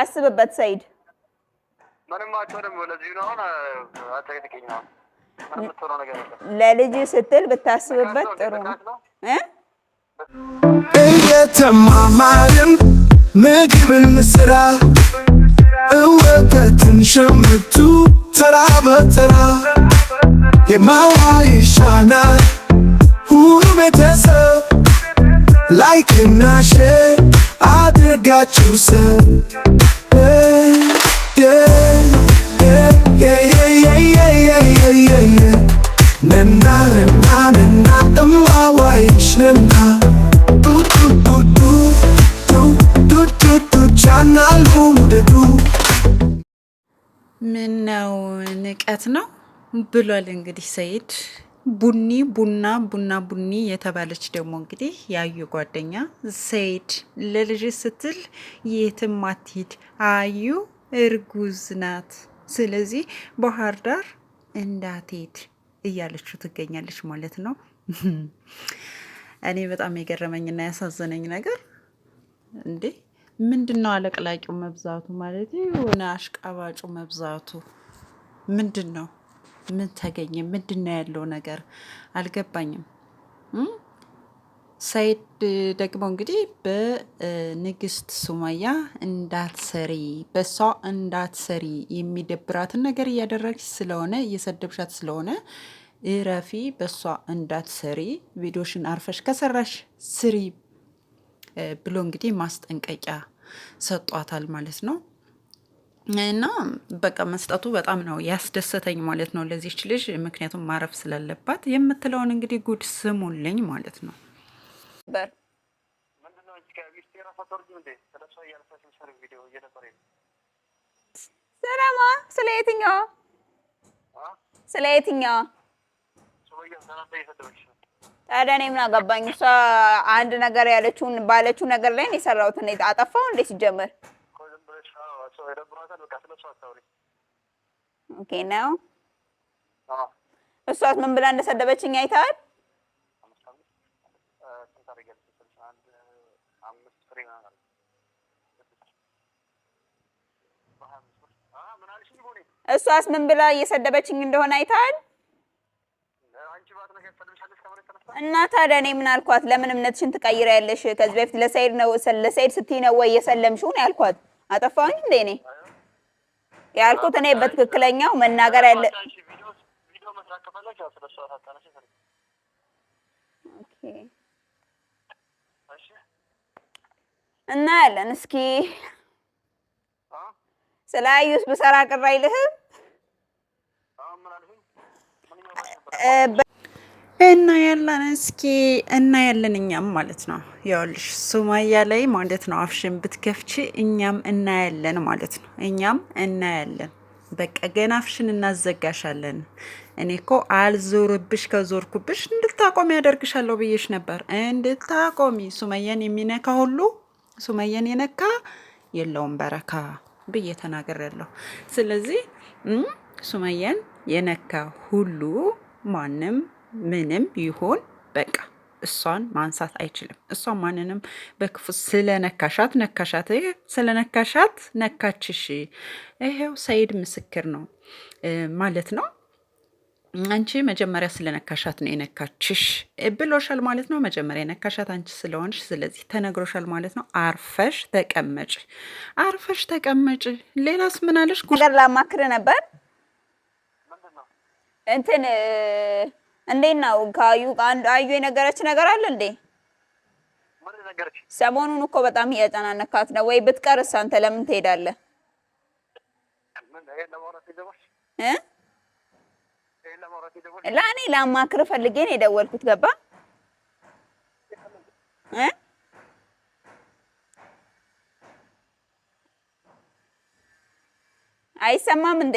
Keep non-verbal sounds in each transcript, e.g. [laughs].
አስብበት ሰይድ። ምንም ነው አሁን ለልጅ ስትል ብታስብበት ጥሩ ነው። እየተማማርን ምግብን ስራ እወተትን ሸምቱ ተራ በተራ የማዋ ይሻናል ሁሉ ቤተሰብ ላይክና ሼር አድርጋችሁ ስም መናርናንና እማዋይሽንና ዱዱዱዱቻናልሙደዱ ምነው ንቀት ነው ብሏል እንግዲህ ሰይድ ቡኒ ቡና ቡና ቡኒ የተባለች ደግሞ እንግዲህ ያዩ ጓደኛ ሰይድ ለልጅ ስትል የትም አትሂድ አዩ እርጉዝ ናት፣ ስለዚህ ባህር ዳር እንዳትሄድ እያለችው ትገኛለች ማለት ነው። [laughs] እኔ በጣም የገረመኝና ያሳዘነኝ ነገር እንዴ ምንድን ነው አለቅላቂው መብዛቱ ማለት የሆነ አሽቃባጩ መብዛቱ ምንድን ነው? ምን ተገኘ? ምንድን ነው ያለው ነገር አልገባኝም። ሳይድ ደግሞ እንግዲህ በንግስት ሱማያ እንዳትሰሪ በሷ እንዳትሰሪ የሚደብራትን ነገር እያደረግሽ ስለሆነ እየሰደብሻት ስለሆነ እረፊ፣ በሷ እንዳትሰሪ ቪዲዮሽን አርፈሽ ከሰራሽ ስሪ ብሎ እንግዲህ ማስጠንቀቂያ ሰጧታል ማለት ነው። እና በቃ መስጠቱ በጣም ነው ያስደሰተኝ ማለት ነው ለዚች ልጅ፣ ምክንያቱም ማረፍ ስላለባት የምትለውን እንግዲህ ጉድ ስሙልኝ ማለት ነው። ሰላማ ስለ የትኛው ስለ የትኛው ታዲያ እኔ ምን አገባኝ? እሷ አንድ ነገር ያለችውን ባለችው ነገር ላይ ነው የሰራሁት። አጠፋው እንዴ ሲጀመር ደብሯታል። በቃ ስለሷ አታውሪኝ። ኦኬ ነው። እሷስ ምን ብላ እንደሰደበችኝ አይተሃል? እሷስ ምን ብላ እየሰደበችኝ እንደሆነ አይተሃል? እና ታዲያ እኔ ምን አልኳት? ለምን እምነትሽን ትቀይሪያለሽ? ከዚህ በፊት ለሰይድ ነው ለሰይድ ስትይ ነው ወይ እየሰለምሽው ነው ያልኳት። አጠፋሁኝ እንደ እኔ ያልኩት እኔ በትክክለኛው መናገር ያለ እና ያለን እስኪ ስለ አዩስ ብሰራ ቅር አይልህም? እና ያለን እስኪ እና ያለን እኛም ማለት ነው። ያውልሽ ሱማያ ላይ ማለት ነው አፍሽን ብትከፍቺ እኛም እናያለን ማለት ነው። እኛም እናያለን። በቃ ገና አፍሽን እናዘጋሻለን። እኔ እኮ አልዞርብሽ ከዞርኩብሽ እንድታቆሚ ያደርግሻለሁ ብዬሽ ነበር። እንድታቆሚ ሱመያን የሚነካ ሁሉ ሱመያን የነካ የለውም በረካ ብዬ ተናግሬያለሁ። ስለዚህ ሱመያን የነካ ሁሉ ማንም ምንም ይሁን በቃ እሷን ማንሳት አይችልም። እሷን ማንንም በክፉ ስለነካሻት ነካሻት፣ ስለነካሻት ነካችሽ። ይሄው ሰይድ ምስክር ነው ማለት ነው። አንቺ መጀመሪያ ስለነካሻት ነው የነካችሽ ብሎሻል ማለት ነው። መጀመሪያ የነካሻት አንቺ ስለሆንሽ ስለዚህ ተነግሮሻል ማለት ነው። አርፈሽ ተቀመጭ፣ አርፈሽ ተቀመጭ። ሌላስ ምን አለሽ? ጉዳይ ላማክር ነበር እንትን እንዴት ነው? ከአዩ አዩ የነገረች ነገር አለ እንዴ? ሰሞኑን እኮ በጣም እያጨናነካት ነው። ወይ ብትቀርስ አንተ ለምን ትሄዳለህ? ለእኔ ላማክርህ ፈልጌ ነው የደወልኩት። ገባ አይሰማም እንዴ?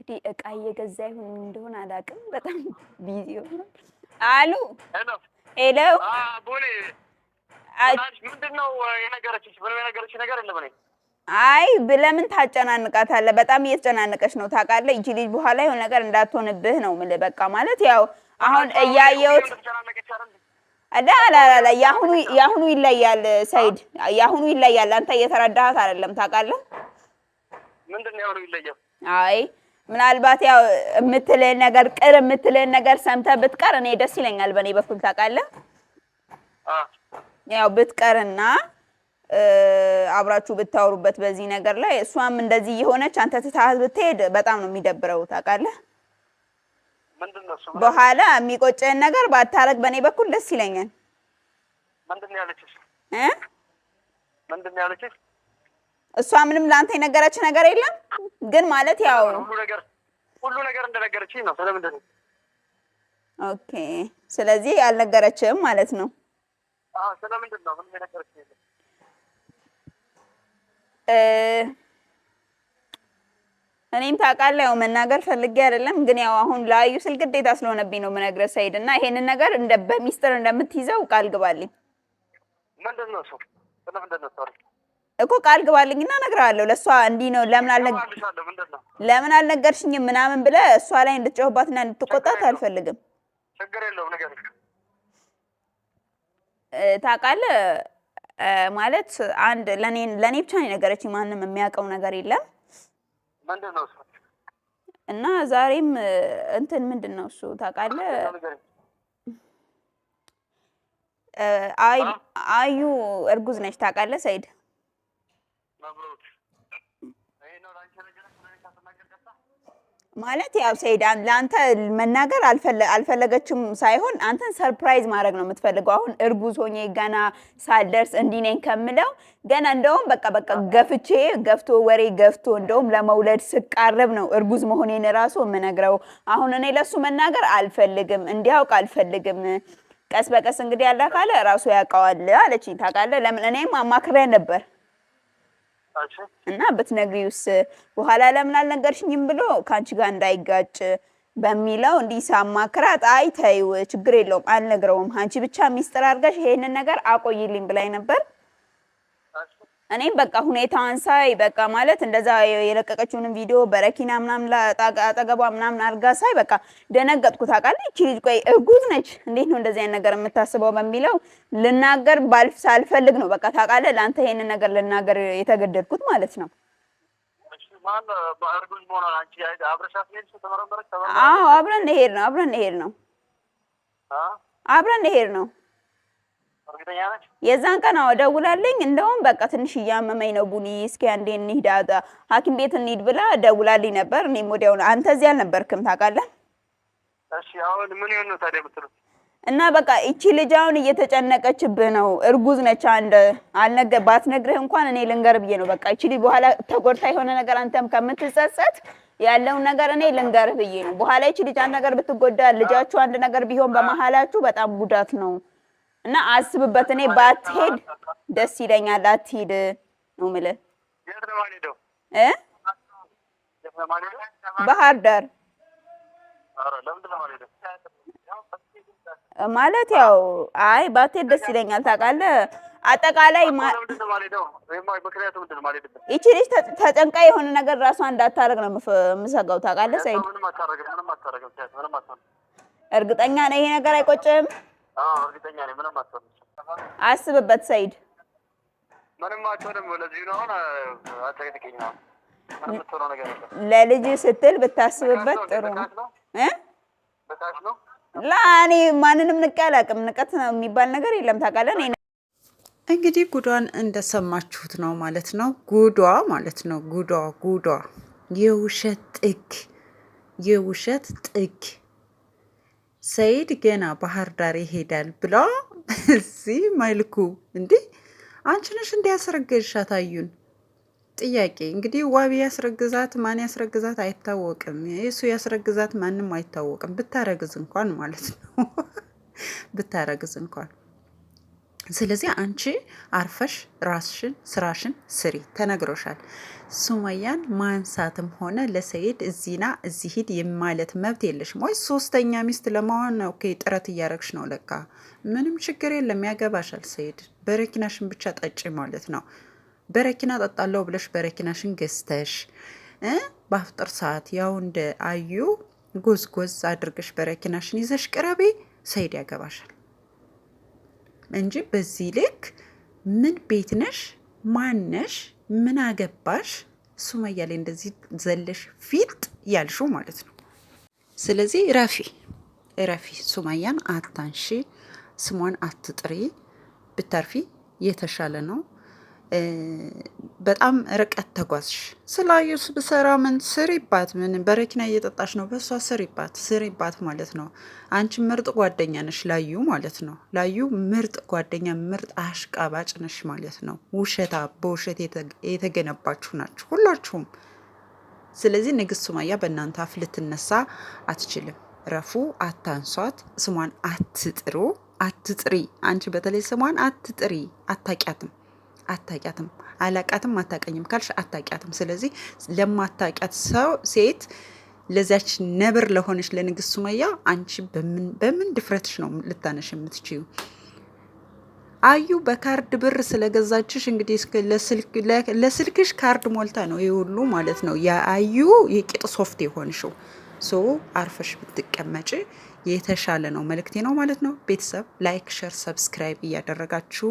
እንግዲህ እቃ እየገዛ ይሁን እንደሆነ አላውቅም። በጣም ቢዚ ሆኗል አሉ። ሄሎ ምንድነው የነገረችሽ? ምንም የነገረችሽ ነገር የለም። እኔ አይ ለምን ታጨናንቃታለህ? በጣም እየተጨናነቀች ነው ታውቃለህ። ይቺ ልጅ በኋላ የሆነ ነገር እንዳትሆንብህ ነው የምልህ። በቃ ማለት ያው አሁን እያየሁት አዳ አላላ ያሁኑ ያሁኑ ይለያል። ሰይድ ያሁኑ ይለያል። አንተ እየተረዳሃት አይደለም ታውቃለህ። ምንድነው ያሁኑ ይለያል? አይ ምናልባት ያው የምትልህን ነገር ቅር የምትልህን ነገር ሰምተህ ብትቀር እኔ ደስ ይለኛል። በእኔ በኩል ታውቃለህ፣ ያው ብትቀርና አብራችሁ ብታወሩበት በዚህ ነገር ላይ እሷም እንደዚህ እየሆነች አንተ ትታት ብትሄድ በጣም ነው የሚደብረው። ታውቃለህ፣ በኋላ የሚቆጨህን ነገር ባታረግ በእኔ በኩል ደስ ይለኛል። ምንድን ነው ያለችሽ? ምንድን ነው ያለችሽ? እሷ ምንም ለአንተ የነገረች ነገር የለም። ግን ማለት ያው ሁሉ ነገር እንደነገረች ነው። ስለምንድን ነው? ኦኬ። ስለዚህ አልነገረችም ማለት ነው። ስለምንድን ነው ምንም የነገረች እኔም ታውቃለህ፣ ያው መናገር ፈልጌ አይደለም፣ ግን ያው አሁን ላዩ ስል ግዴታ ስለሆነብኝ ነው የምነግረህ ሰይድ። እና ይሄንን ነገር እንደ በሚስጥር እንደምትይዘው ቃል ግባልኝ። ምንድን ነው እሱ? ስለምንድን ነው? እኮ ቃል ግባልኝና እነግርሃለሁ። ለእሷ እንዲህ ነው ለምን አልነገርሽኝም ምናምን ብለ እሷ ላይ እንድትጮህባትና እንድትቆጣት አልፈልግም። ታውቃለህ ማለት አንድ ለእኔ ብቻ ነው የነገረችኝ። ማንም የሚያውቀው ነገር የለም እና ዛሬም እንትን ምንድን ነው እሱ ታውቃለህ አዩ እርጉዝ ነች ታውቃለህ ሰይድ ማለት ያው ሰይድ ለአንተ መናገር አልፈለገችም ሳይሆን አንተን ሰርፕራይዝ ማድረግ ነው የምትፈልገው። አሁን እርጉዝ ሆኜ ገና ሳልደርስ እንዲህ ነኝ ከምለው ገና እንደውም በቃ በቃ ገፍቼ ገፍቶ ወሬ ገፍቶ እንደውም ለመውለድ ስቃረብ ነው እርጉዝ መሆኔን ራሱ የምነግረው። አሁን እኔ ለሱ መናገር አልፈልግም፣ እንዲያውቅ አልፈልግም። ቀስ በቀስ እንግዲህ ያለ ካለ ራሱ ያውቀዋል አለችኝ። ታውቃለህ ለምን እኔም አማክሬ ነበር እና ብትነግሪውስ በኋላ ለምን አልነገርሽኝም ብሎ ከአንቺ ጋር እንዳይጋጭ በሚለው እንዲህ ሳማክራት፣ አይ ተይው ችግር የለውም አልነግረውም አንቺ ብቻ ሚስጥር አድርገሽ ይሄንን ነገር አቆይልኝ ብላኝ ነበር። እኔም በቃ ሁኔታ አንሳይ በቃ ማለት እንደዛ የለቀቀችውንም ቪዲዮ በረኪና ምናምን አጠገቧ ምናምን አድርጋ ሳይ በቃ ደነገጥኩ። ታውቃለህ ይቺ ልጅ ቆይ እርጉዝ ነች፣ እንዴት ነው እንደዚህ አይነት ነገር የምታስበው በሚለው ልናገር ባልፍ ሳልፈልግ ነው በቃ ታውቃለህ፣ ለአንተ ይሄንን ነገር ልናገር የተገደድኩት ማለት ነው። አዎ አብረን ነው አብረን ነው አብረን ነው የዛን ቀን አዎ ደውላልኝ፣ እንደውም በቃ ትንሽ እያመመኝ ነው ቡኒ፣ እስኪ አንዴ እንሂድ ሐኪም ቤት እንሂድ ብላ ደውላልኝ ነበር። እኔም ወዲያውኑ አንተ እዚህ አልነበርክም ታውቃለህ። እሺ አሁን ምን ይሆን ነው ታዲያ የምትሉት? እና በቃ እቺ ልጅ አሁን እየተጨነቀችብህ ነው። እርጉዝ ነች። አንድ አልነገ ባትነግርህ እንኳን እኔ ልንገር ብዬ ነው። በቃ እቺ ልጅ በኋላ ተጎድታ የሆነ ነገር አንተም ከምትጸጸት ያለውን ነገር እኔ ልንገርህ ብዬ ነው። በኋላ እቺ ልጅ አንድ ነገር ብትጎዳ፣ ልጃችሁ አንድ ነገር ቢሆን በመሀላችሁ በጣም ጉዳት ነው እና አስብበት። እኔ ባትሄድ ደስ ይለኛል። አትሄድ ነው የምልህ ባህር ዳር ማለት ያው አይ ባትሄድ ደስ ይለኛል። ታውቃለህ አጠቃላይ ይቺ ልጅ ተጨንቃ የሆነ ነገር ራሷ እንዳታረግ ነው የምሰጋው። ታውቃለህ ሰይድ፣ እርግጠኛ ነህ ይሄ ነገር አይቆጭም? እርግጠኛ ነኝ። ምንም አስብበት ሰይድ። ምንም አትሆንም። ለዚህ ነው አሁን አትጨቅጭቅኝ ነው ለልጅ ስትል ብታስብበት ጥሩ ነው። ላ እኔ ማንንም ንቄ አላውቅም። ንቀት የሚባል ነገር የለም። ታውቃለህ እንግዲህ ጉዷን እንደሰማችሁት ነው ማለት ነው። ጉዷ ማለት ነው። ጉዷ ጉዷ የውሸት ጥግ የውሸት ጥግ ሰይድ ገና ባህር ዳር ይሄዳል ብላ እዚህ ማይልኩ እንዴ አንቺ ነሽ እንዲ ያስረገዝሻት አዩን? ጥያቄ እንግዲህ ዋቢ ያስረግዛት ማን ያስረግዛት አይታወቅም። የሱ ያስረግዛት ማንም አይታወቅም። ብታረግዝ እንኳን ማለት ነው [laughs] ብታረግዝ እንኳን ስለዚህ አንቺ አርፈሽ ራስሽን ስራሽን ስሪ ተነግሮሻል። ሱመያን ማንሳትም ሆነ ለሰይድ እዚና እዚህ ሂድ የማለት መብት የለሽም። ወይ ሶስተኛ ሚስት ለመሆን ኦኬ ጥረት እያረግሽ ነው ለካ። ምንም ችግር የለም ያገባሻል ሰይድ። በረኪናሽን ብቻ ጠጪ ማለት ነው። በረኪና ጠጣለው ብለሽ በረኪናሽን ገዝተሽ በአፍጥር ሰዓት ያው እንደ አዩ ጎዝጎዝ አድርገሽ በረኪናሽን ይዘሽ ቅረቤ ሰይድ ያገባሻል። እንጂ በዚህ ልክ ምን ቤት ነሽ? ማን ነሽ ምን አገባሽ? ሱመያ ላይ እንደዚህ ዘለሽ ፊልጥ ያልሹ ማለት ነው። ስለዚህ ረፊ ረፊ ሱመያን አታንሺ፣ ስሟን አትጥሪ፣ ብታርፊ የተሻለ ነው። በጣም ርቀት ተጓዝሽ። ስለ አዩስ ብሰራ ምን ስሪባት፣ ምን በረኪና እየጠጣሽ ነው፣ በእሷ ስሪባት ስሪባት ማለት ነው። አንቺ ምርጥ ጓደኛ ነሽ ላዩ ማለት ነው። ላዩ ምርጥ ጓደኛ፣ ምርጥ አሽቃባጭ ነሽ ማለት ነው። ውሸታ በውሸት የተገነባችሁ ናችሁ ሁላችሁም። ስለዚህ ንግስት ሱማያ በእናንተ አፍ ልትነሳ አትችልም። ረፉ፣ አታንሷት፣ ስሟን አትጥሩ፣ አትጥሪ። አንቺ በተለይ ስሟን አትጥሪ፣ አታቂያትም አታቂያትም፣ አላቃትም፣ አታቀኝም ካልሽ አታቂያትም። ስለዚህ ለማታቂያት ሰው ሴት ለዚያች ነብር ለሆነች ለንግስት ሱመያ አንቺ በምን ድፍረትሽ ነው ልታነሽ የምትችዩ? አዩ በካርድ ብር ስለገዛችሽ እንግዲህ ለስልክሽ ካርድ ሞልታ ነው ይህ ሁሉ ማለት ነው። የአዩ የቂጥ ሶፍት የሆንሽው ሶ አርፈሽ ብትቀመጭ የተሻለ ነው። መልእክቴ ነው ማለት ነው። ቤተሰብ ላይክ፣ ሸር፣ ሰብስክራይብ እያደረጋችሁ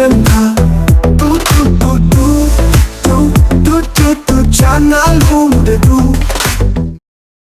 them down.